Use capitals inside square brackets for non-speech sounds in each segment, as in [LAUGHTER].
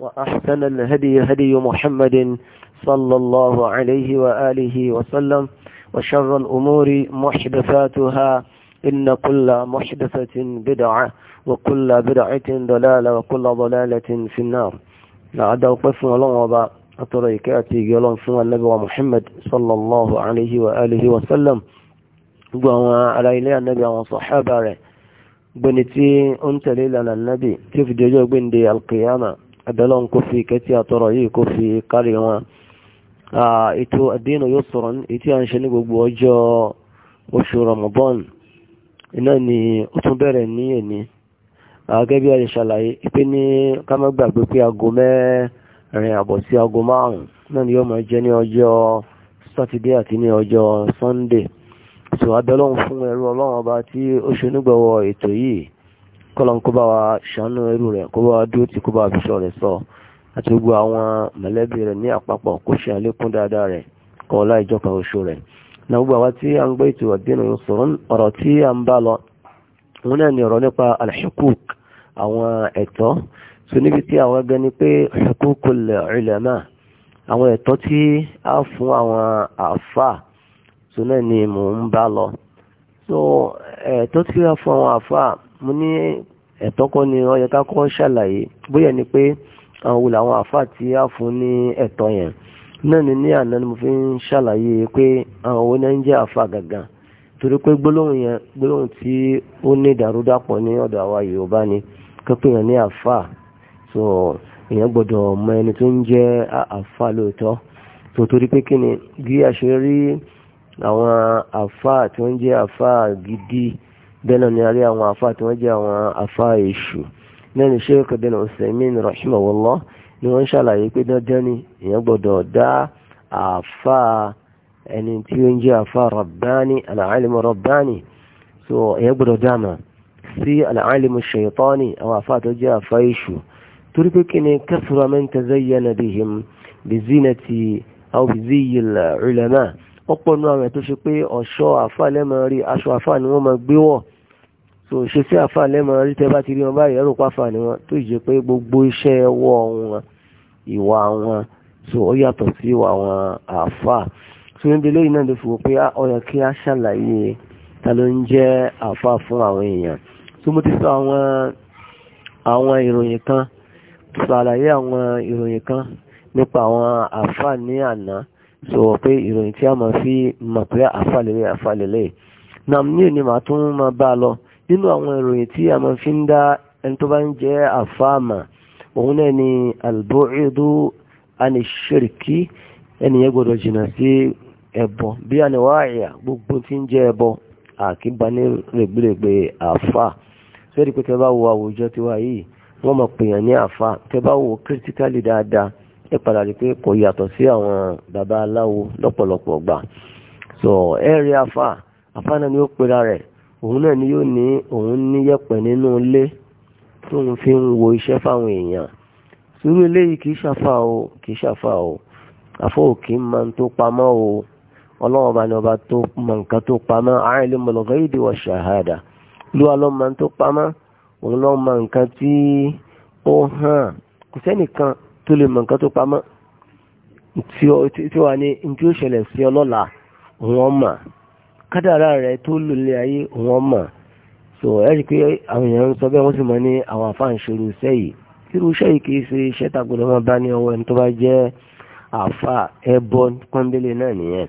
وأحسن الهدي هدي محمد صلى الله عليه وآله وسلم وشر الأمور محدثاتها إن كل محدثة بدعة وكل بدعة ضلالة وكل ضلالة في النار لعد وقف ولن وضع أتريكاتي يلون فن النبي محمد صلى الله عليه وآله وسلم وعلى إليه النبي وصحابه بنتي أنت ليلة النبي كيف جوجو بندي القيامة abẹ́lọ́n kó fi kẹ́tí àtọrọ̀ yìí kó fi kárí wọn ètò àdínà yóò sọ̀rọ̀ ètí à ń ṣe ní gbogbo ọjọ́ oṣù Ramadan iná ni ó tún bẹ̀rẹ̀ ní èní gẹ́gẹ́ bí a lè ṣàlàyé pé ní ká má gbàgbé pé aago mẹ́rin àbọ̀ sí aago márùn-ún náà ni yóò máa jẹ́ ní ọjọ́ sátidé àti ní ọjọ́ sunday so abẹ́lọ́n fún ẹrú ọlọ́run ọba tí ó ṣe onígbọ̀wọ́ ètò yìí kọ́lọ̀ kó bá wa ṣàánú ẹrú rẹ̀ kó bá wa dúró tí kó bá wa fi sọ rẹ̀ sọ àti gbogbo àwọn mọ̀lẹ́bí rẹ̀ ní àpapọ̀ kó ṣe àlékún dáadáa rẹ̀ kọ́ ọlá ìjọba oṣù rẹ̀ na gbogbo àwa tí a ń gbé ètò ọ̀dínà ìṣòro ọ̀rọ̀ tí a ń bá lọ òun náà ni ọ̀rọ̀ nípa alhukuk àwọn ẹ̀tọ́ so níbi tí àwọn ẹgbẹ́ ni pé hukukul ulama àwọn ẹ̀tọ́ tí a fún àwọn àfà so náà ni mò ń bá lọ so ẹ̀tọ́ tí a fún àwọn àfà mo ní ẹ̀tọ́ kọ́ ni ó yẹ ká kọ́ ṣàlàyé bóyá ni pé àwọn wo àwọn àfáà tí a fún ní ẹ̀tọ́ yẹn náà ni ní àná ni mo fi ń ṣàlàyé pé àwọn owó náà ń jẹ́ àfáà gangan torí pé gbólóhùn yẹn gbólóhùn tí ó ní ìdàrúdàpọ̀ ní ọ̀dọ̀ àwa Yorùbá ni kẹ́pẹ́ yẹn ní àfáà so èèyàn gbọ́dọ̀ mọ ẹni tó ń jẹ́ àfáà lóòótọ́ tó torí pé kí ni bí a àwọn àfáà tó ń jẹ́ àfáà gidi bẹ́ẹ̀ náà ni a rí àwọn afá tí wọ́n jẹ́ àwọn afá èṣù náà ni sheikh bin usaimin rahimahullah ni wọ́n ṣàlàyé pé dandan ni èèyàn gbọ́dọ̀ dá afá ẹni tí ó ń jẹ́ afá rabbani al-alimu so èèyàn gbọ́dọ̀ dáàmà sí al-alimu shaitani àwọn afá tó jẹ́ afá èṣù torí pé kí ni kathura man tazayyana bihim bizinati aw biziyi al-ulama ọ̀pọ̀ nínú àwọn ẹ̀ ṣe pé ọ̀ṣọ́ àfà lẹ́mọ̀ rí aṣọ àfà ni wọ́n máa gbé wọ̀ so ṣe sí àfà lẹ́mọ̀ rí tẹ́ bá ti rí wọn báyìí ẹ̀rọ pàfà ni wọn tó jẹ́ pé gbogbo iṣẹ́ ọwọ́ wọn ìwà wọn so ó yàtọ̀ sí ìwà wọn àfà so níbi lẹ́yìn náà ló fi wò pé ah, ó yẹ kí a ṣàlàyé ta ló ń jẹ́ àfà fún àwọn èèyàn so mo ti sọ àwọn àwọn ìròyìn kan ṣàlàyé àwọn ìròyìn kan nípa àwọn àfà ní àná so pé ìròyìn tí a máa fi mọ̀ pé àfà lélẹ̀ àfà lélẹ̀ nam ní ènìyàn tún máa bá lọ nínú àwọn ìròyìn tí a máa fi ń dá ẹni tó bá ń jẹ́ àfáàmà òun náà ni albu'idu anishiriki ẹnìyẹn gbọdọ̀ jìnnà sí ẹbọ bí àníwáàyà gbogbo tí ń jẹ́ ẹbọ àkíba ní rẹ̀gbẹ̀rẹ̀gbẹ̀ àfà sẹ́ẹ̀dì pé tẹ́bá wo àwùjọ tiwa yìí wọ́n mọ̀ pèèyàn ní àfà tẹ́bá wo kírítíkálì dáadáa ẹ padà rí pé kò yàtọ̀ sí àwọn baba aláwo lọ́pọ̀lọpọ̀ gbà so ẹ rí àfà àfà náà ni ó pera rẹ̀ òun náà ni yóò ní òun ní yẹ̀pẹ̀ nínú ilé tóun fi ń wo iṣẹ́ fáwọn èèyàn sùúrù eléyìí kì í ṣàfà o kì í ṣàfà o àfọ òkè máa ń tó pamọ́ o ọlọ́wọ́n bá ní ọba tó mọ nǹkan tó pamọ́ alimul ghaidi wa shahada lúwa lọ́ máa tó pamọ́ òun lọ́ mọ nǹkan tí ó hàn kò sẹ́nìkan tó lè mọ nǹkan tó pamọ́ tí ó wà ní ní tí ó ṣẹlẹ̀ sí ọlọ́la òun ọmọ kádàrá rẹ̀ tó lòlẹ̀ ayé wọn mọ̀ so ẹ̀rí pé àwọn èèyàn ń sọ bẹ́ẹ̀ wọ́n sì mọ̀ ní àwọn àfáà ń ṣòro iṣẹ́ yìí irú iṣẹ́ yìí kì í ṣe iṣẹ́ tàgbọ́dọ̀ máa bá ní ọwọ́ ẹni tó bá jẹ́ àfà ẹbọ pọ́ńbélé náà nìyẹn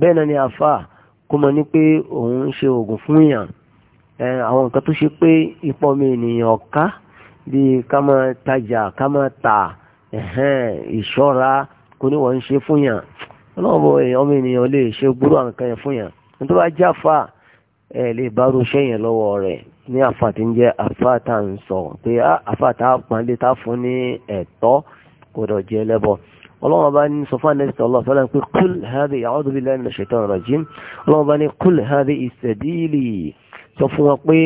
bẹ́ẹ̀ náà ni àfà kó mọ ní pé òun ń ṣe oògùn fún èèyàn àwọn nǹkan tó ṣe pé ipò mi ènìyàn ọ̀ká bíi ká máa tajà ká máa tà ìṣọ́ra kò ní wọ́n ń ṣe fún yàn ọlọ́run ọmọ ènìyàn lè ṣe gbúrò àǹkan yẹn fún yàn tó bá já fa ẹ lè bá rúṣẹ́ yẹn lọ́wọ́ rẹ̀ ní àfa tí ń jẹ́ àfa tá à ń sọ pé àfa tá a pọn lé tá a fún ní ẹ̀tọ́ kò dọ̀ jẹ́ ẹlẹ́bọ ọlọ́wọ́n bá ní sọ fún ànẹ́sì tọ́lọ́ fẹ́lẹ́ pé kúl hábì a'udhu billahi minash shaitani rajim ọlọ́wọ́n bá ní kúl hábì ìsẹ̀díìlì sọ fún wọn pé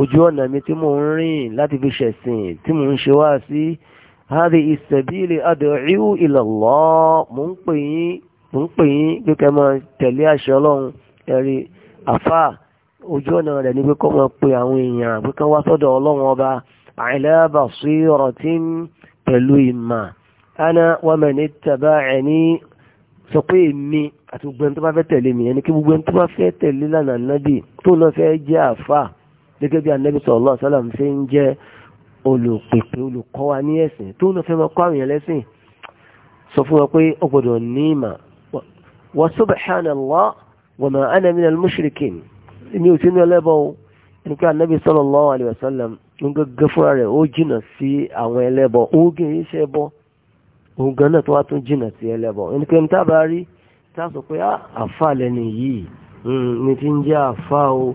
ojú ọ̀nà mi tí mò ń rìn láti fi ṣẹ̀sìn tí mò ń ṣe wá sí hábì ìsẹ̀díìlì ad'u ila mò ń pè yín pé kẹ́ máa tẹ̀lé àṣẹ ọlọ́run ẹ̀rí àfà ojú ọ̀nà rẹ̀ ní pé kọ́ mọ́ pé àwọn èèyàn pé kán wá sọ́dọ̀ ọlọ́run ọba ala basiratin pẹ̀lú ìmà ana wa man ittaba'ani sọ pé èmi àti gbogbo ẹni tó bá fẹ́ tẹ̀lé mi ẹni kí gbogbo ẹni tó bá fẹ́ tẹ̀lé lánàá nábì tó náà fẹ́ jẹ́ àfà gẹ́gẹ́ bí anábì sallallahu alaihi wasallam ṣe ń jẹ́ olùpèpè olùkọ́ wa ní ẹ̀sìn tó náà fẹ́ máa kọ́ àwọn yẹn sọ fún wa pé ó gbọ́dọ̀ ní ìmà wa subhanallah wa ma ana minal mushrikin èmi ò sí ní ẹlẹ́bọ̀ o ẹni pé anabi sallallahu alayhi wa sallam ń gẹ́gẹ́ fúnra rẹ̀ ó jìnà sí àwọn ẹlẹ́bọ̀ oògùn iṣẹ́ bọ́ òun gan náà tó wá tún jìnà sí ẹlẹ́bọ̀ ẹni pé ní tábà rí táàsọ̀ pé ah, àfà lẹ́ni yìí hmm, ní ti ń jẹ́ àfà o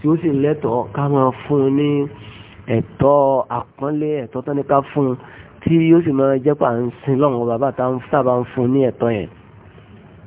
tí ó sì lẹ́tọ̀ọ́ ká máa fún un ní ẹ̀tọ́ àpọ́nlé ẹ̀tọ́ tó ní ká fún un tí yóò sì máa jẹ́ pà ń sin lọ́wọ́ bàbá tá a bá ń fún un ní ẹ̀tọ́ yẹn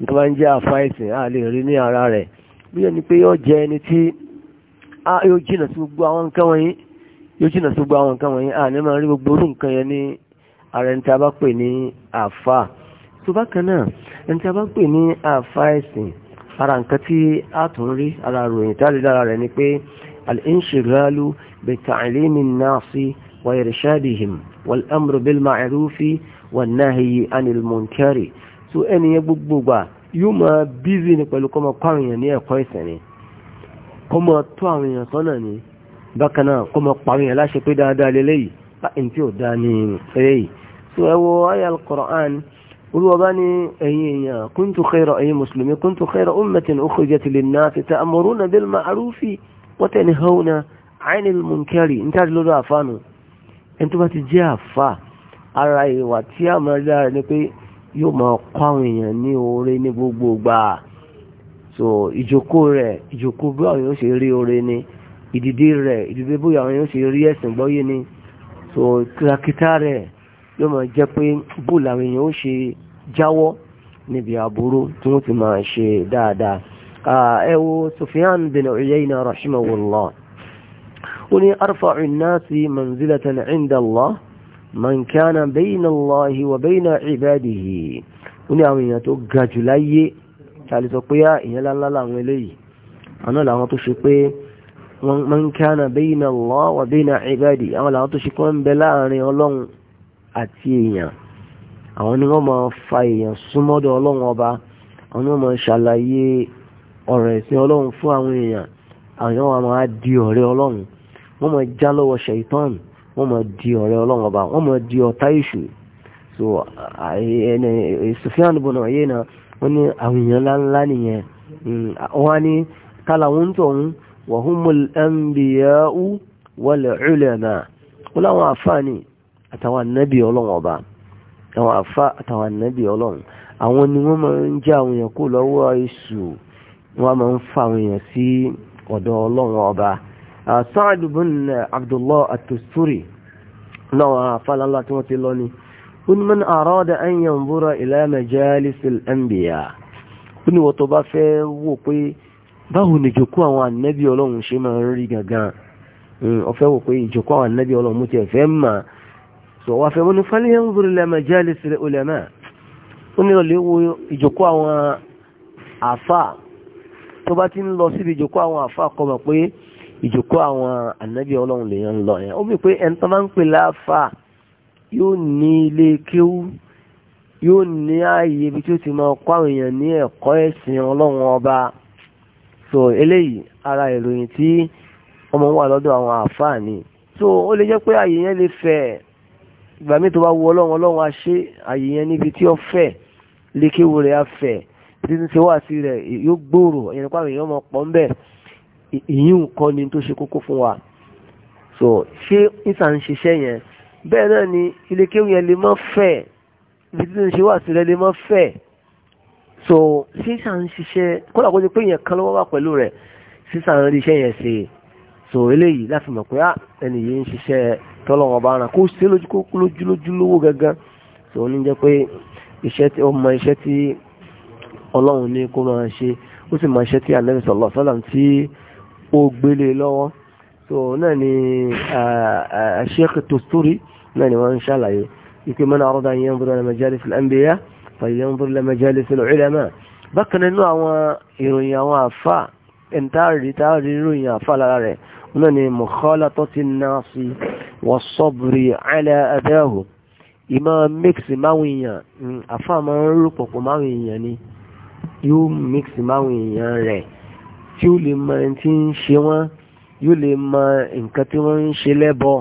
ní wọ́n jẹ́ àfa ẹ̀sìn a lè rí ní ara rẹ̀ bí ẹni pé yóò jẹ́ ẹni tí a yóò jìnà sí gbogbo àwọn nǹkan wọ̀nyí yóò jìnà sí gbogbo àwọn nǹkan wọ̀nyí a ní máa rí gbogbo orú nǹkan yẹn ní ara ẹni tí a bá pè ní àfa tó bá kan náà ẹni tí a bá pè ní àfa ara nǹkan tí a tún rí ara ròyìn tá a lè lára rẹ̀ ni pé al-inshighalu bita'limi an-nasi wa irshadihim so ẹnìyẹn gbogbo gbà yóò máa bízì ní pẹ̀lú kọ́mọ kọ́ àwọn èèyàn ní ẹ̀kọ́ ìsìn ni kọ́mọ tó àwọn èèyàn sọ́nà ni bákan náà kọ́mọ pa àwọn èèyàn láṣẹ pé dáadáa lélẹ́yìí báyìí tí ò dáa ní eléyìí so ẹ wo ayé al-Qur'an olùwọ́bá ní ẹ̀yin èèyàn kuntu khayra ẹ̀yin mùsùlùmí kuntu khayra ummatin ukhrijat lin-nasi ti jẹ́ àfáà ara ìwà tí a máa dára ni pé yóò máa kọ́ àwọn èèyàn ní oore ní gbogbo gbà so ìjókòó rẹ̀ ìjókòó bí àwọn yóò ṣe rí oore ni ìdìde rẹ̀ ìdìde bóyá àwọn yóò ṣe rí ẹ̀sìn gbọ́yé ni so kìràkìtà rẹ̀ yóò máa jẹ́ pé bóòlù àwọn èèyàn ó ṣe jáwọ́ níbi àbúrò tí wọ́n ti máa ṣe dáadáa ẹ wo Sufyan bin Uyayna rahimahullah ó ní arfa'u an-nasi manzilatan 'inda Allah man kana bayna Allahi wa bayna ibadihi ó ní àwọn èèyàn tó ga jù láyé tàbí sọ pé èèyàn ah, lálá làwọn eléyìí àwọn làwọn tó ṣe pé man kana bayna Allahi wa bayna ibadihi àwọn làwọn tó ṣe pé wọ́n ń bẹ láàrin ọlọ́run àti èèyàn àwọn ni wọ́n máa fa èèyàn súnmọ́dọ̀ ọlọ́run ọba àwọn ni máa ṣàlàyé ọ̀rọ̀ ẹ̀sìn ọlọ́run fún àwọn èèyàn àwọn àwọn á di ọ̀rẹ́ ọlọ́run wọ́n máa já lọ́wọ́ ṣàìtánì wọ́n máa di ọ̀rẹ́ ọlọ́run ọba wọ́n máa di ọ̀tá èṣù so Sufyan ibn Uyayna wọ́n ní àwọn èèyàn ńláńlá nìyẹn hmm, wọ́n ní tala wọn tó ń wa ụlọ anbiya'u wọ́n láwọn àfáàní àtàwọn ọba àwọn àfá àtàwọn ànábì àwọn ni wọ́n ń àwọn èèyàn kó lọ́wọ́ wọ́n ń fa àwọn èèyàn Sa'ad bin Abdullah at-Tusturi náà afálálá tí wọ́n ti lọ ní onímọ̀n àrọ́dà an yanzura ila majalisil anbiya ó ní wọ́n tó bá fẹ́ wò pé báwo ni ìjòkó àwọn ànẹ́bí ọlọ́run ṣe máa ń rí gangan ọ̀fẹ́ hmm, wò pé ìjòkó àwọn ànẹ́bí ọlọ́run mú ti ẹ̀fẹ́ mà sọ wá fẹ́ wọ́n ní fal yanzur ila majalisil ulama ó ní ọ̀lẹ́ wo ìjòkó àwọn àfà tó bá ti ń lọ síbi ìjòkó àwọn àfà kọ́ mọ̀ pé ìjòkó àwọn ànábì ọlọ́run lèèyàn ń lọ yẹn ó bí pé ẹni tó bá ń pè láàfà yóò ní ilé kéwú yóò ní ààyè ibi tí ó ti máa kọ́ àwọn èèyàn ní ẹ̀kọ́ ẹ̀sìn ọlọ́run ọba so eléyìí ara ìròyìn tí ọmọ wà lọ́dọ̀ àwọn àfáà ni so ó lè jẹ́ pé ààyè yẹn lè fẹ̀ ìgbà míì tó bá wu ọlọ́run ọlọ́run á ṣe ààyè yẹn níbi tí ó fẹ̀ lékéwu rẹ̀ á fẹ̀ títí ṣe wá rẹ̀ yóò gbòòrò ẹ̀yìn pàmò èèyàn mọ̀ pọ̀ ìyín kọ́ ni tó ṣe kókó fún wa so ṣé ìsà ń ṣiṣẹ́ yẹn bẹ́ẹ̀ náà ni ilé kéwù yẹn lè mọ́ fẹ̀ ibi tí ń ṣe wà sílẹ̀ lè mọ́ fẹ̀ so ṣé ìsà ń ṣiṣẹ́ kódà kó ṣe pé yẹn kan lọ́wọ́ wà pẹ̀lú rẹ̀ sísà ń rí yẹn ṣe so eléyìí láti mọ̀ pé ah, ẹni yìí ń ṣiṣẹ́ tọ́lọ́wọ́ bá ara kó ṣe lójú lówó gangan so ní jẹ́ pé iṣẹ́ tí ó mọ iṣẹ́ tí ọlọ́run ní kó máa ṣe ó sì mọ iṣẹ́ tí Ànábì sallallahu alaihi tí ó gbélé lọ́wọ́ so náà ni Sheikh Tusturi náà ni wọ́n ń ṣàlàyé ike man arada an yanzura ila majalis al-anbiya falyanzur ila majalis al-ulama bákan nínú àwọn ìròyìn àwọn àfà ẹ̀ntàrí tààrí ìròyìn àfà lára rẹ̀ náà ni mukhalatati an-nasi was-sabri ala adahu ìmọ̀ mix máwọn tí ó lè mọ ẹni tí ń ṣe wọ́n yóò lè mọ nǹkan tí wọ́n ń ṣe lẹ́bọ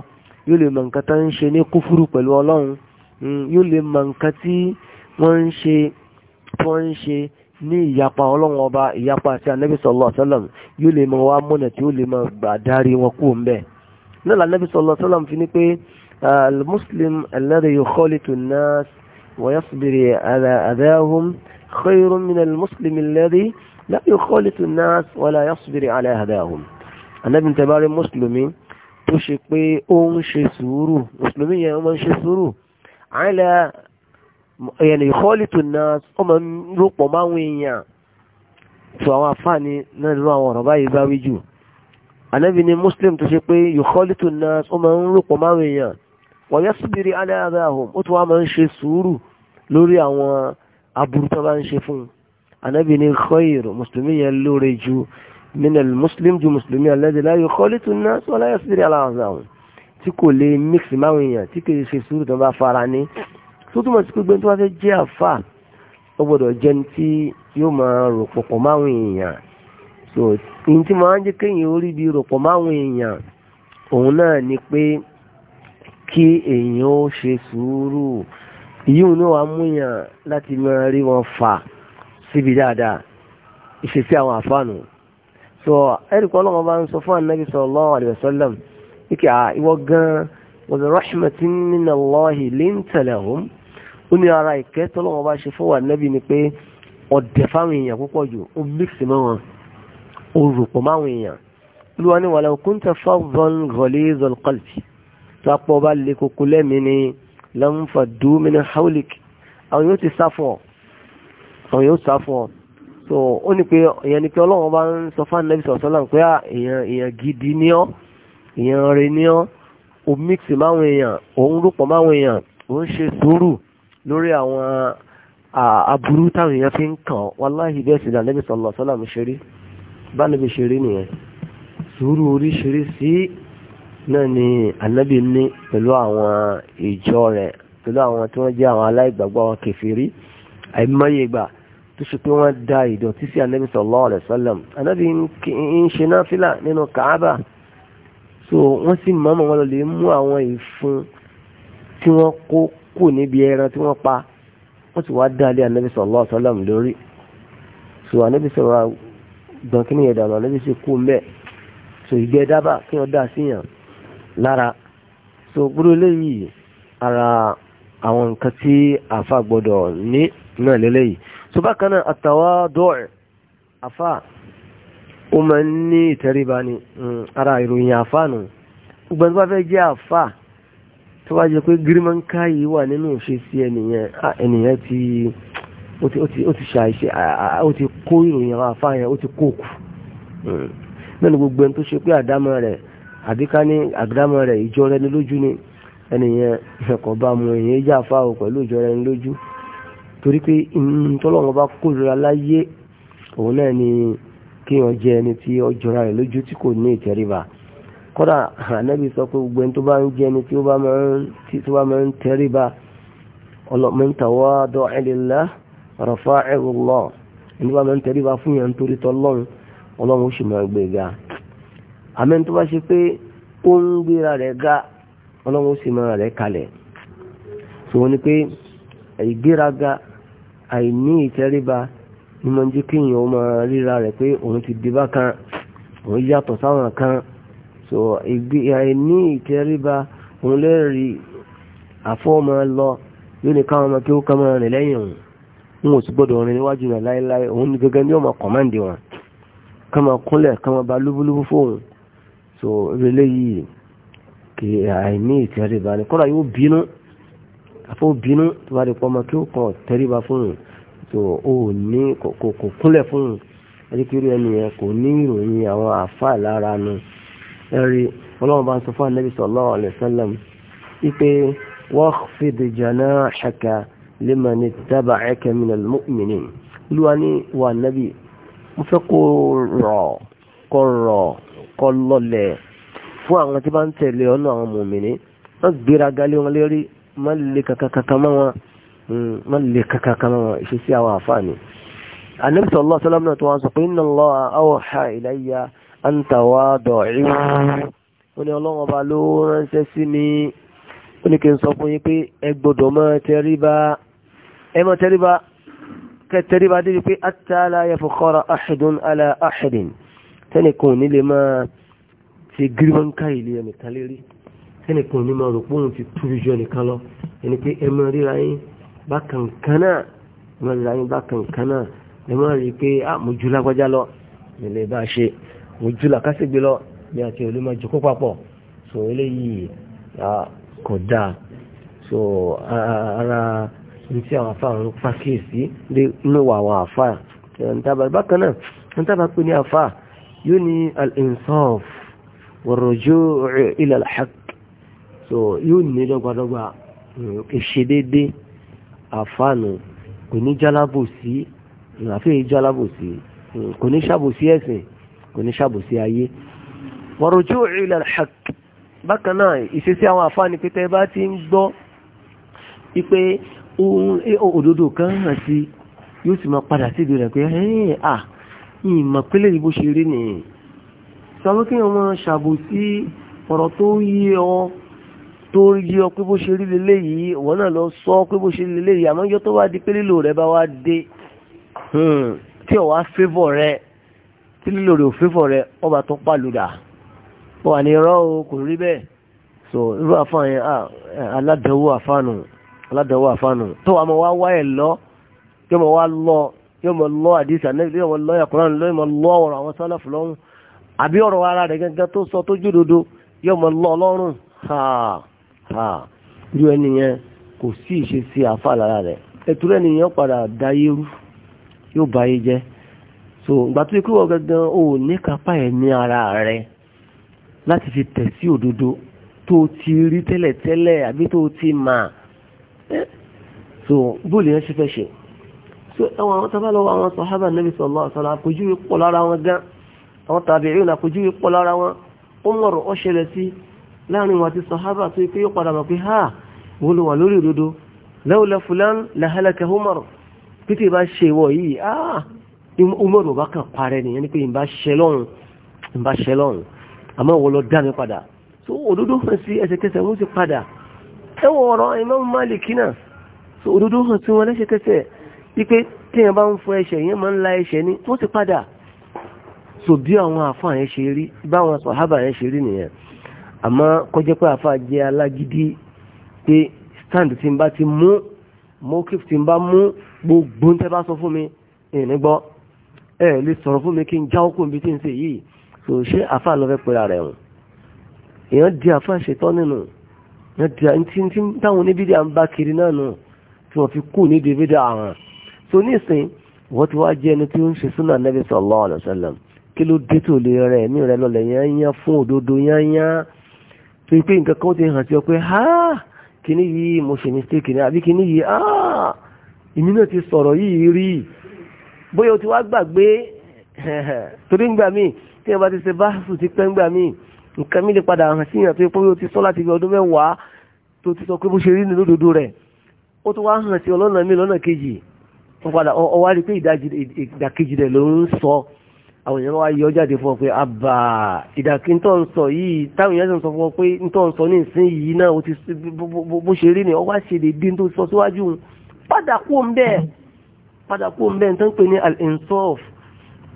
yóò lè mọ nǹkan tí wọ́n ń ṣe ní kúfúrú pẹ̀lú ọlọ́run mm, yóò lè mọ nǹkan tí wọ́n ń ṣe tí wọ́n ń ṣe ní ìyapa ọlọ́run ọba ìyapa àti anabi sallallahu yóò lè mọ wá mọ̀nà tí ó lè mọ gbà dárí wọn kú ń náà lànàbí sallallahu fi ni pé al-muslim alladhi yukhalitu an-nas wa yasbiru ala adhahum khayrun min al-muslim alladhi لا يخالط الناس ولا يصبر على هداهم النبي تبار مسلمي تشقي أم شسورو مسلمي أم شسورو على يعني يخالط الناس أم رقم ما وين سواء فاني نرى وربا يباوجو النبي مسلم تشقي يخالط الناس أم رقم ما وين ويصبر على هداهم أتوا من شسورو لوري أوان أبرتبان شفون anábì ní khayr mùsùlùmí yẹn lóore ju minal muslim ju mùsùlùmí alladhi la yukhalitu an-nas wa la yasbir ala àzàwọn tí kò lè mix máwọn èèyàn tí kò ṣe sùúrù tó bá fara ní tó túmọ̀ sí pé gbé tó bá fẹ́ jẹ́ àfà ó gbọ́dọ̀ jẹ́ ní tí yóò máa rò pọ̀pọ̀ máwọn èèyàn so ní tí máa ń jẹ́ kéèyàn orí bí rò pọ̀ máwọn èèyàn òun náà ni pé kí èèyàn ó ṣe sùúrù ìyíhun náà wàá múyàn láti máa rí wọn fà síbi dáadáa ìṣesí àwọn àfáànù so ẹ̀ríkọ́ ọlọ́run bá ń sọ fún ànábì sallallahu alaihi wasallam wíkẹ́ à ìwọ gan wa bi rahmatin minallahi linta lahum ó ní ara ìkẹ́ tọ́lọ́run bá ṣe fún ànábì ni pé ọ̀dẹ̀ fáwọn èèyàn púpọ̀ jù ó mix mọ́ wọn ó rò pọ̀ máwọn èèyàn lúwa ní walaw kunta faddan ghalizal qalbi tó apọ̀ bá le koko lẹ́mìí ni lam faddu min hawlik àwọn yóò ti sá fún ọ àwọn yóò sá fún ọ so ó ní pé èèyàn ni pé ọlọ́run bá ń sọ fún anabi sọ̀rọ̀ sọ́lá pé ah, èèyàn èèyàn gidi ni ọ́ èèyàn rẹ̀ ni ọ́ o mix máwọn èèyàn òun rúpọ̀ máwọn èèyàn òun ṣe sùúrù lórí àwọn aburú táwọn èèyàn fi ń kàn wàláhì bẹ́ẹ̀ sì lànà ibi sọ̀rọ̀ sọ́lá mi ṣe rí bá níbi ṣe rí nìyẹn sùúrù oríṣiríṣi náà ni anabi ní pẹ̀lú àwọn ìjọ rẹ̀ pẹ̀lú àwọn tí wọ́n jẹ́ àwọn aláìgbàgbọ́ àwọn kèfèrí àìmọye ìgbà tó ṣe pé wọ́n da ìdọ̀tí sí anabi sallallahu alayhi wa sallam anabi ń ṣe náfìlà nínú kàábà so wọ́n sì mọ́mọ́ wọn lọ lè mú àwọn ìfun tí wọ́n kó kù níbi ẹran tí wọ́n pa wọ́n sì wá dá lé anabi sallallahu alayhi wa sallam lórí so anabi sọ̀rọ̀ gbọ̀n kí ni ẹ̀dà anabi sì kú mẹ́ so ìgbẹ́ dábà kí wọ́n dá síyàn lára so gbúdọ̀ léyìí ara àwọn nǹkan tí àfa gbọ́dọ̀ ní náà lélẹ́yìí tó bá kan náà àtàwádọ́ àfà ó máa ń ní ìtẹríba ni mm, ara ìròyìn àfà nù gbogbo tó bá fẹ́ jẹ́ àfà tó bá jẹ́ pé gírímọ́nká yìí wà nínú ìṣesí ẹnìyẹn ẹnìyẹn ti ó ti ṣàìṣe ó ti kó ìròyìn àwọn àfà yẹn ó ti kó kù mm. nínú gbogbo ẹni tó ṣe pé àdámọ́ rẹ̀ àbíká ní àdámọ́ rẹ̀ ìjọ rẹ̀ ní lójú ni ẹnìyẹn ẹ̀kọ́ bá mu èyí jà fáwọn pẹ̀lú ìjọ rẹ̀ ní lójú torí pé ìtọ́lọ́wọ́n bá kórìíra láyé òun náà ni kí wọ́n jẹ ẹni tí ó jọra rẹ̀ lójú tí kò ní ìtẹríba kódà ànábì sọ pé gbogbo ẹni tó bá ń jẹ ẹni tí ó bá máa ń tẹríba man tawada'a lillah rafa'ahu Allah ẹni bá máa ń tẹríba fún yẹn torí tọ́lọ́run ọlọ́run ó sì máa gbé ga àmín tó bá ṣe pé ó ń gbéra rẹ̀ ìgbéraga àìní ìtẹríba ni mo ń jẹ́ kí èèyàn máa ríra rẹ̀ pé òun ti di bákan òun yàtọ̀ sáwọn kan so àìní ìtẹríba òun lè rí àfọ́ọ́mọ lọ yóò ní káwọn ọmọ kí ó kọ́ máa rìn lẹ́yìn òun ń wò sí gbọ́dọ̀ rìn níwájú rẹ̀ láéláé òun ni gẹ́gẹ́ ní ọmọ kọ̀máǹdì wọn ká máa kúnlẹ̀ ká máa ba lúbúlúbú fóun so eléyìí kì í àìní ìtẹríba ni kọ́ra yóò bínú àfọ́bínú tó bá di pọ́ ọmọ kí ó kàn tẹríba fún un tó o ní kò kúnlẹ̀ fún un ẹ̀ríkìrí ẹni yẹn kò ní ìròyìn àwọn àfa lára nu ẹ̀rí ọlọ́run bá ń sọ fún anabi sallallahu alaihi wasallam ipe wakhfid janahaka liman ittaba'aka minal mu'minin olúwa ní wà nábì mo fẹ́ kó rọ̀ kó rọ̀ kó lọlẹ̀ fún àwọn tí bá ń tẹ̀lé ọ̀nà àwọn mùmìnì wọ́n gbéra galé wọn lérí má lè kankan mọ́ wọn má lè kankan mọ́ wọn ìṣesí àwọn àfáàní. Ànábì sallallahu alaihi wasallam náà tó wá sọ pé inna Allaha awha ilayya an tawadu'u ó ní ọlọ́run ọba ló ránṣẹ́ sí mi ó ní kí n sọ fún yín pé ẹ gbọ́dọ̀ mọ́ tẹríba ẹ mọ́ tẹríba tẹ́nìkan ní máa rò pé òun ti túrú jọ nìkan lọ ẹni pé ẹ máa ríra yín bákan kan náà ẹ máa ríra yín bákan kan náà ẹ máa rí i pé à mo jù lágbájá lọ ìlẹ̀ bá ṣe mo jù làkásìgbè lọ bí àti olú máa jòkó papọ̀ so eléyìí kò dáa so ara ní tí àwọn afá ń pàkíyèsí lé inú wà àwọn afá bákan náà ń pé ní afá yóò ní al-insaf wa ar-ruju' al-haqq so yóò ní dọ́gbadọ́gba mm, kì í ṣe déédé àfàànù kò ní jálábòsí àfihàn jálábòsí mm, kò ní ṣàbòsí ẹ̀sìn kò ní ṣàbòsí ayé wọ̀rọ̀jú ìlà hàk bákan ìṣesí àwọn àfààní pété bá ti ń gbọ́ ipe òdodo kan hàn sí yóò sì máa padà síbi rẹ̀ pé ẹ̀ẹ́n à ìmọ̀ pélé ìbò ṣe rí nìyí sọ wípé wọn ṣàbòsí ọ̀rọ̀ tó yé ọ tó yí ọ pé bó ṣe rí leléyìí wọn náà lọ sọ pé bó ṣe rí leléyìí àmọ́ yọ tó wá di pé lílò rẹ bá wá dé hmm, tí ọ̀wá fẹ́fọ̀ rẹ tí lílò rẹ ò fẹ́fọ̀ rẹ ọba tó pàlùdà ó wà ní irọ́ o kò rí bẹ́ẹ̀ so irú àfáàn yẹn ah, aládàáwò àfáànù aládàáwò àfáànù tó wà mọ́ wá wá ẹ̀ lọ yóò mọ̀ wá lọ yóò mọ̀ lọ àdìsí ànẹ́bí yóò mọ̀ lọ ẹ̀kúnrán yóò mọ̀ lọ ọ̀rọ̀ àwọn sálàfù lọ́rùn àbí ọ̀rọ̀ ara rẹ̀ irú ẹnìyẹn kò sí ìṣesí àfa lára rẹ̀ ẹtù rẹ̀ nìyẹn padà da yérú yóò bá yé jẹ́ so ìgbà tó ikú wọ̀ gangan ò ní kápá ẹ̀ ní ara rẹ̀ láti fi tẹ̀ sí òdodo tó ti rí tẹ́lẹ̀ tẹ́lẹ̀ àbí tó ti mà so bóòlù yẹn ṣe fẹ́ ṣe so ẹwọn àwọn tábà lọ́wọ́ àwọn sọ̀hábà Nabi sallallahu alaihi wasallam àpèjúwe pọ̀ lára wọn gan àwọn tàbí ìrìn àpèjúwe pọ̀ lára wọn ó mọ̀rọ̀ ó ṣẹlẹ̀ sí láàrin wọn àti sọ̀hábà tó ikú yóò padà mọ̀ pé ha wọ́n lọ wà lórí òdodo lẹ́wọ̀lẹ́ fúlán làhálàkẹ́ Umar pété ìbá ṣe ìwọ̀ yìí ah Umar bá kàn parẹ́ nìyẹn ni pé ìbá ṣẹ ṣẹ lọ́run àmọ́ wọ́n lọ dá mi padà so òdodo hàn sí ẹsẹ̀kẹsẹ̀ wọ́n ti padà ẹwọ̀ ọ̀rọ̀ Imam Malik náà so òdodo hàn sí wọn lẹ́sẹ̀kẹsẹ̀ wípé téèyàn bá ń fọ ẹsẹ̀ yẹn máa ń la ẹsẹ̀ ni wọ́n ti padà so bí àwọn àfọ̀ àyẹn ṣe rí báwọn sọ̀hábà yẹn rí nìyẹn àmọ́ kó jẹ́ pé àfa jẹ́ alágídí pé stand tí n bá ti mú mokif tí n bá mú gbogbo ń tẹ́ bá sọ fún mi ìní gbọ́ ẹ lè sọ̀rọ̀ fún mi kí n já okùn bí tí n ṣe yìí so ṣé àfa lọ fẹ́ pera rẹ̀ hùn èèyàn di àfa ṣetán nínú so nísìn wọ́n ti wá jẹ́ ẹni tí ó ń ṣe súnà nẹ́bí sallallahu alaihi wasallam kí ló dé tó lè rẹ̀ ẹ̀mí rẹ̀ lọ́lẹ̀ yányá fún òdodo yányá tó yí pé nǹkan kan ó ti hàn sí ọ pé ha kíní yìí mo ṣe mistake ni àbí kíní yìí ah ìmí náà ti sọ̀rọ̀ yìí rí bóyá o ti wá gbàgbé [LAUGHS] torí ngbà míì tí ẹ bá ti ṣe báṣù ti pẹ́ ngbà míì nǹkan mi lè padà hàn sí ìyàn tó yẹ pé o ti sọ láti fi ọdún mẹ́wàá tó ti sọ pé bó ṣe rí nínú òdodo rẹ̀ ó tún wá hàn sí ọlọ́nà mi lọ́nà kejì wọ́n padà ọwá rí pé ìdàkejì rẹ̀ ló ń sọ àwọn èèyàn wá yọ jáde fún ọ pé àbà ìdàkí ń tọ́ ń sọ yìí táwọn èèyàn sọ fún ọ pé ń tọ́ ń sọ ní ìsín yìí náà ó ti bó ṣe rí ni ọ wá ṣe dédé tó sọ síwájú un padà kú ń bẹ́ẹ̀ padà kú ń bẹ́ẹ̀ tó ń pè ní al-insaf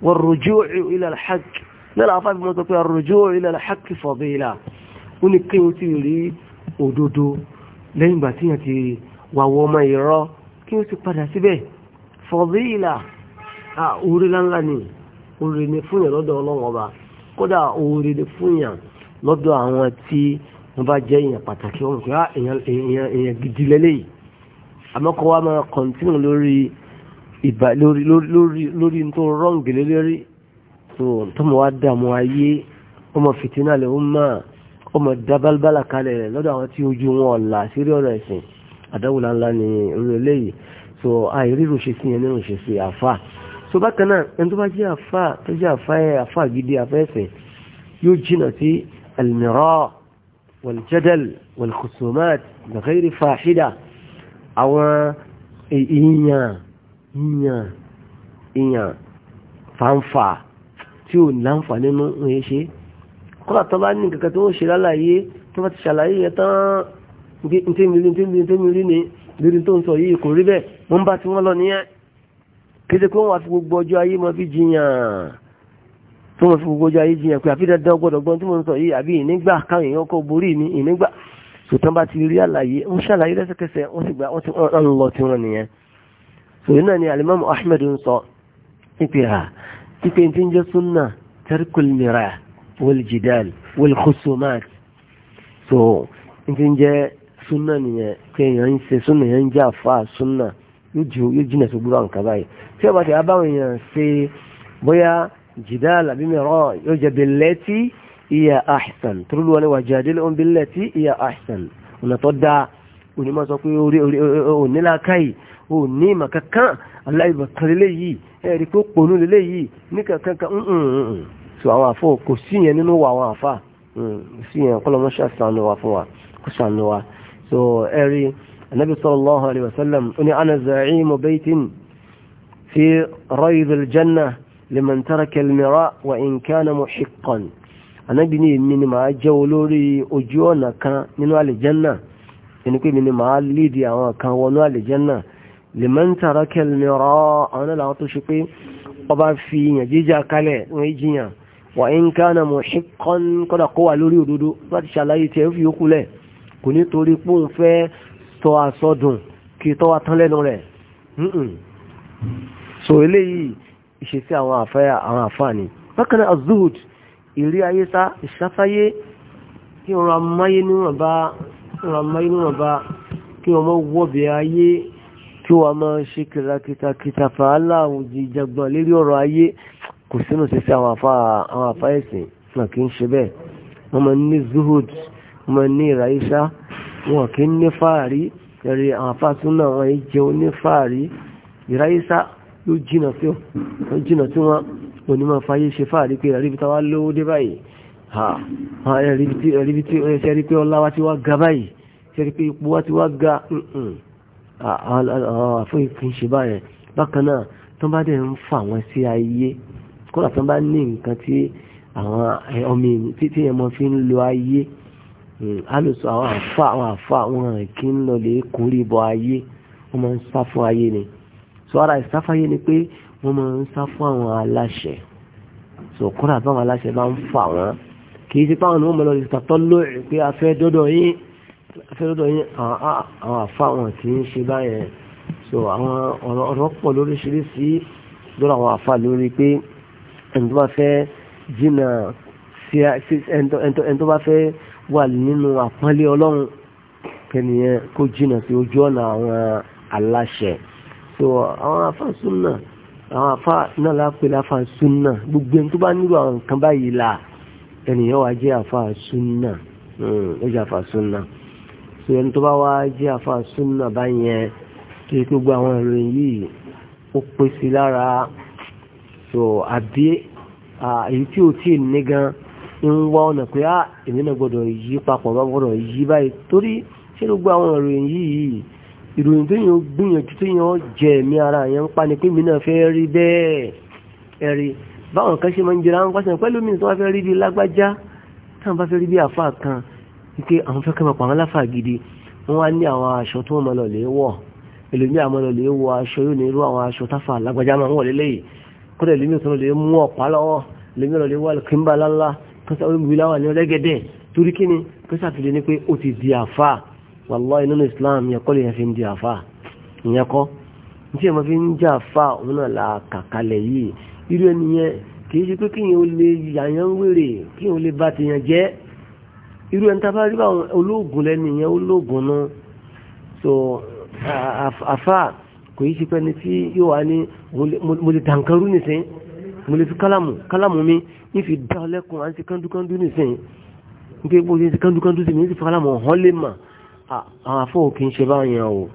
wal-ruju' ila al-haqq lọ́la afá bí mo sọ pé ar-ruju' ila al-haqq fadila ó ní kí n sì rí òdodo lẹ́yìn ìgbà tí yàn ti wà wọ ọmọ ìrọ kí n sì padà síbẹ̀ fadila orí láńlá ni oore ni fún yàn lọ́dọ̀ ọlọ́run ọba kódà oore ni fún yàn lọ́dọ̀ àwọn tí wọ́n bá jẹ́ èèyàn pàtàkì wọn kò yá èèyàn gidi lélẹ́yìí àmọ́ kó wá máa kọ̀ǹtínù lórí ìbà lórí lórí lórí tó rọ́ǹgì lélẹ́rí tó tó mọ̀ wá dààmú ayé ọmọ fìtínà lè ń máa ọmọ dábálbálà kalẹ̀ rẹ̀ lọ́dọ̀ àwọn tí ojú wọn ọ̀la sírí ọ̀rọ̀ ẹ̀sìn àdáwùlá ńlá ni orí eléyìí so àìrírò ṣe sí yẹn nínú ṣe sí àfáà so bákan náà ẹni tó bá jẹ́ àfà tó jẹ́ àfà ẹ̀ àfà gidi àfà ẹ̀sìn yóò jìnà sí almirah waljadal walkhusumat ghairi fahida àwọn ìyàn ìyàn ìyàn fanfa tí ò láǹfà nínú ń ṣe kọ́lá tó bá ní kankan tó ń ṣe lálàyé tó bá ti ṣàlàyé yẹn kéde pé wọ́n wá fi gbogbo ọjọ́ ayé mọ́ fi jiyàn tó wọ́n fi gbogbo ọjọ́ ayé jiyàn pé àfi dandan gbọ́dọ̀ gbọ́n tí mo ń sọ yìí àbí ìnígbà káwọn èèyàn kọ́ borí ní ìnígbà sòtán bá ti rí àlàyé wọ́n ṣàlàyé lẹ́sẹ̀kẹsẹ̀ wọ́n ti gbà wọ́n ti ń lọ tí wọ́n nìyẹn sòyìn náà ni alimami ahmed ń sọ ipe ha ipe tí ń jẹ́ sunna tarkul mira wal jidal wal khusumat so n ti ń jẹ́ sunna nìyẹn kéèyàn ń ṣe sunna yẹn ń jẹ́ àfa sunna yóò jìnà sí gbúrò nǹkan báyìí tí ọba tí a bá wọn yàn ṣe bóyá jìdáàl àbí mìíràn yóò jẹ billati hiya ahsan turulu wọn ni wajadilhum billati hiya ahsan ọ̀nà tó dáa òní máa sọ pé òní làákàyè òní ìmọ̀ kankan aláìbọ̀kan lélẹ̀ yìí ẹ̀rí pé pònú lélẹ̀ yìí ní kankan kan mm, mm, mm, so àwọn àfọ kò sí yẹn nínú wa àwọn àfà sí yẹn kọ́lọ́mọṣà sànù wa fún wa kó sànù wa so ẹ̀rí. النبي صلى الله عليه وسلم أني أنا زعيم بيت في ريض الجنة لمن ترك المراء وإن كان محقا Ànábì ní èmi ni màá jẹ́ olórí ojú ọ̀nà kan nínú àlìjẹ́nà ẹni pé èmi ni màá léèdì àwọn kan wọnú àlìjẹ́nà liman taraka al-mira àwọn náà làwọn tó ṣe pé ọba fi yàn jíjà kalẹ̀ wọ́n yí jiyàn wa in kana muhiqqan kọ́dà kó wà lórí òdodo láti ṣàlàyé tí ẹ fi yókù lẹ̀ kò ní torí pé òun fẹ́ tọ́ asọ́dùn kí tọ́ wa tán lẹ́nu rẹ̀ so eléyìí ìṣesí àwọn àfẹ́ àwọn àfáàní bákan náà azuhud ìrí ayé sá ìṣáfáyé kí wọn amáyé níwọ̀nba kí wọn mọ wọ́bẹ̀ ayé kí wọn máa ṣe kìtàkìtà fàálà òjì ìjàgbọ̀n lérí ọ̀rọ̀ ayé kò sínú ṣiṣẹ́ àwọn àfáà náà kì í ṣe bẹ́ẹ̀ wọ́n máa ní zuhud wọ́n máa ní ìráyé wọn kì í ní fáàrí ẹ̀rí àwọn afáàtún náà wọ́n jẹun ní fáàrí ìráyísá ló jìnà tí wọ́n onímọ̀ fàyè ṣe fáàrí pé ẹ̀rí bíta wá lówó dé báyìí ẹ̀rí tí ẹ̀rí pé ọlá wá ti wá ga báyìí ẹ̀rí pé ipò wá ti wá ga àfún ìpín ṣe báyẹn bákan náà tó bá dẹ̀ ń fà wọ́n sí ayé kọ́lá tó bá ní nǹkan tí àwọn ọmọ tí ẹ̀mọ́ fi ń lo ayé alùsọ àwọn àfa àwọn àfa àwọn kí ń lọ lè kórè bọ ayé wọ́n máa ń sá fún ayé ni sọ ara ìsáfáyé ni pé wọ́n máa ń sá fún àwọn aláṣẹ sọ kóra báwọn aláṣẹ bá ń fà wọ́n kì í ṣe páwọn ni wọ́n mọ̀ lọ lè tàtọ́ lórí pé afẹ́ dọ́dọ̀ yín afẹ́ dọ́dọ̀ yín àwọn àfa àwọn kì í ṣe báyẹn so àwọn ọ̀rọ̀ pọ̀ lóríṣiríṣi lọ́rọ̀ àwọn àfa lórí pé ẹni tó bá fẹ́ jìnnà ẹni tó bá fẹ́ wà nínú àpọ́nlé ọlọ́run kẹ́niyẹn kó jìnà sí ojú ọ̀nà àwọn aláṣẹ so àwọn afáàsùn náà àwọn afá náà lápẹ́ láfáàsùn náà gbogbo ẹni tó bá nílò àwọn nǹkan báyìí là ẹnìyẹn wàá jẹ́ àfáàsùn náà hmm, ó jẹ́ àfáàsùn náà so ẹni tó bá wá jẹ́ àfáàsùn náà báyẹn tó yẹ kó gbọ́ àwọn ìròyìn yìí ó pèsè lára so àbí èyí tí ò tí ní gan ń wá ọ̀nà pé á ah, èmi náà gbọ́dọ̀ yí papọ̀ bá gbọ́dọ̀ yí báyìí torí ṣé ló gbọ́ àwọn ìròyìn yìí ìròyìn tó yàn gbìyànjú tó yàn jẹ ẹ̀mí ara yẹn ń pa ni pé mi náà fẹ́ rí bẹ́ẹ̀ ẹ̀rí báwọn kan ṣe máa ń jẹrà ń pàṣẹ pẹ́lú mi tí wọ́n fẹ́ rí bí lágbájá táwọn bá fẹ́ rí bí àfa kan wípé àwọn fẹ́ kẹ́mọ̀ pàmò láfà gidi wọ́n wá ní àwọn aṣọ tó mọ̀ lọ lè wọ̀ èlòmí àmọ́ lọ lè wọ aṣọ yóò ní irú àwọn aṣọ táfà lágbájá máa ń wọ̀ lélẹ́yìí kódà èlòmí tó lè mú kọ́sà olùbílá wà ní ọlẹ́gẹ̀dẹ̀ torí kí ni kọ́sà fi lè ní pé ó ti di àfà wallahi nínú islam yẹn kọ́ lè yẹn fi ń di àfà ìyẹn tí ẹ̀ fi ń jẹ́ àfà òun náà la kàkalẹ̀ yìí irú ẹni yẹn kì í ṣe pé kí yẹn ó lè yàyàn wèrè kí yẹn ó lè bá ti yẹn jẹ́ irú ẹni tá rí báwọn olóògùn lẹ́nu yẹn olóògùn náà so àfà kò í ṣe pé ẹni tí yóò wá ní mo lè tàǹkarú nìsín mo lè fi kálámù kálámù mi ní fi dá ọlẹ́kùn à ń ṣe kándúkándú nìsín ní pé bó ṣe ń ṣe kándúkándú sí mi ní ti fi kálámù ọ̀hán lè mà àwọn afọ òkè ń ṣe báyẹn o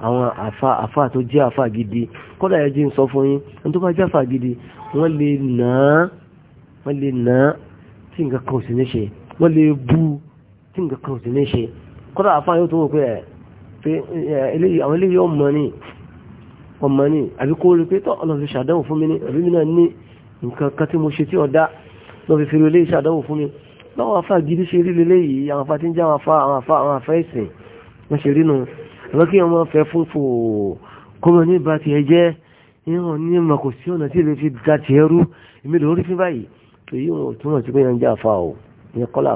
àwọn àfa tó jẹ́ àfa gidi kọ́dà yẹn jẹ́ ń sọ fún yín ẹni tó bá jẹ́ àfa gidi wọ́n lè nà á wọ́n lè nà á tí nǹkan kan ò sì ní ṣe wọ́n lè bu tí nǹkan kan ò sì ní ṣe kọ́dà àfa yóò tó wò pé àwọn eléyìí ọmọ ni ọmọ ni àbí kó rí pé tọ́ ọlọ́run ṣàdánwò fún mi ní àbí mi náà ní nǹkan kan tí mo ṣe tí ọ̀dá lọ fi fèrè ilé ìṣàdánwò fún mi láwọn afá gidi ṣe rí lélẹ́ yìí àwọn afá tí ń já àwọn afá àwọn afá àwọn afá ìsìn wọ́n ṣe rí nù àwọn kí wọ́n fẹ́ fún fò kọ́mọ ní ìbá tiẹ̀ jẹ́ ìhàn ní ìmọ̀ kò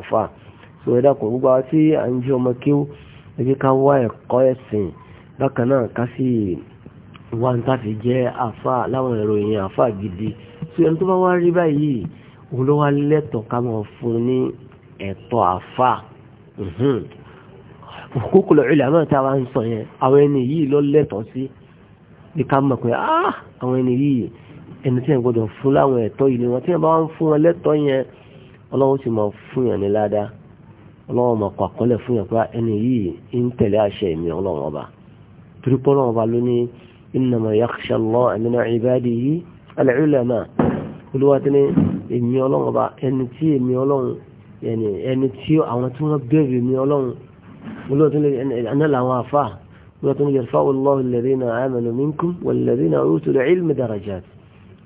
so ẹ̀dá kò gbogbo àwọn tí à ń jẹ́ ọmọ kéw ẹ̀jẹ̀ ká wá wá ń tàfi jẹ́ àfà láwọn ìròyìn àfà gidi tí ẹni tó bá wá rí báyìí òun ló wá lẹ́tọ̀ọ́ ká máa fún ní ẹ̀tọ́ àfà òkúkúlù ìlànà tí a wá ń sọ yẹn àwọn ẹni yìí ló lẹ́tọ̀ọ́ sí ní ká mọ̀ pé ah, àwọn ẹni yìí ẹni tí ẹ̀ gbọ́dọ̀ fún láwọn ẹ̀tọ́ yìí ni wọ́n tí ẹ̀ bá wá ń fún wọn lẹ́tọ̀ọ́ yẹn ọlọ́wọ́ sì máa fún yàn ní ládàá ọlọ́wọ́ máa kọ́ àkọọ́lẹ̀ fún yàn pé ah, ẹni yìí ń tẹ̀lé àṣẹ ìmì ọlọ́wọ́ ọba torípọ́ ọlọ́wọ́ ọba ló إنما يخشى الله من عباده العلماء. ulama olúwa tí ní èmi ọlọ́run ọba ẹni tí èmi ọlọ́run ẹni tí àwọn tí wọ́n bẹ̀rẹ̀ èmi ọlọ́run olúwa tí ní ẹni làwọn afá olúwa tí ní yarfa'u Allahu alladhina amanu minkum walladhina utul ilmi darajat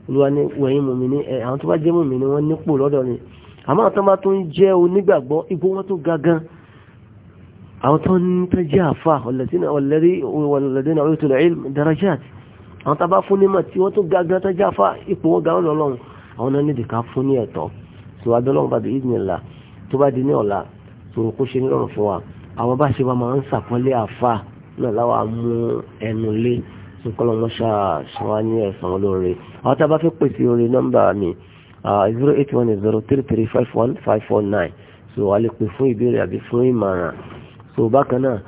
olúwa ní wẹ̀yìn mọ̀mí ní àwọn tó bá jẹ́ mọ̀mí ní wọ́n nípò lọ́dọ̀ ni àmọ́ àtọ́ bá tún jẹ́ onígbàgbọ́ ipò wọn tó ga àwọn tó ń tó jẹ́ àfà ọ̀lẹ́dínà orí tòlẹ̀ ilm darajat àwọn tàbá fún nímọ̀ tí wọ́n tó gaga tó jẹ́ àfà ipò wọ́n ga ọ̀nà ọlọ́run àwọn náà nídìí ká fún ní ẹ̀tọ́ tó wá dọ́lọ́run bá di ìdìnnìlá tó bá di ní ọ̀la tó kó ṣe ní ọ̀rùn fún wa àwọn bá ṣe wa máa ń sàpọ́nlé àfà náà láwa mú ẹnu lé tó kọ́ lọ́mọ ṣáà ní ẹ̀sán olóore àwọn tàbá fẹ́ pèsè orí nọ́mbà mi zero eight one zero three three five one five four nine so wà á lè pè fún ìbéèrè àbí fún ìmọ̀ràn so bákan náà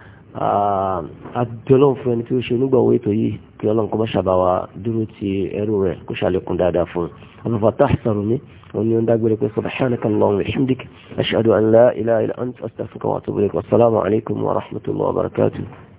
àti ọlọ́run fún ẹni tí ó ṣe onígbàwó ètò yìí kí ọlọ́run kó bá ṣàbáwá dúró ti ẹrú rẹ̀ kó ṣàlékún dáadáa fún un ọ̀fọ̀fà tá àṣàrò mi òun ni ó ń dágbére pé subhanaka allahumma wa bihamdik ashhadu an la ilaha illa anta astaghfiruka wa atubu ilaik wassalamu alaikum wa rahmatullahi wa barakatuh